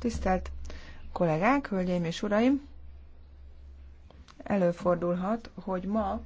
Tisztelt kollégák, hölgyeim és uraim! Előfordulhat, hogy ma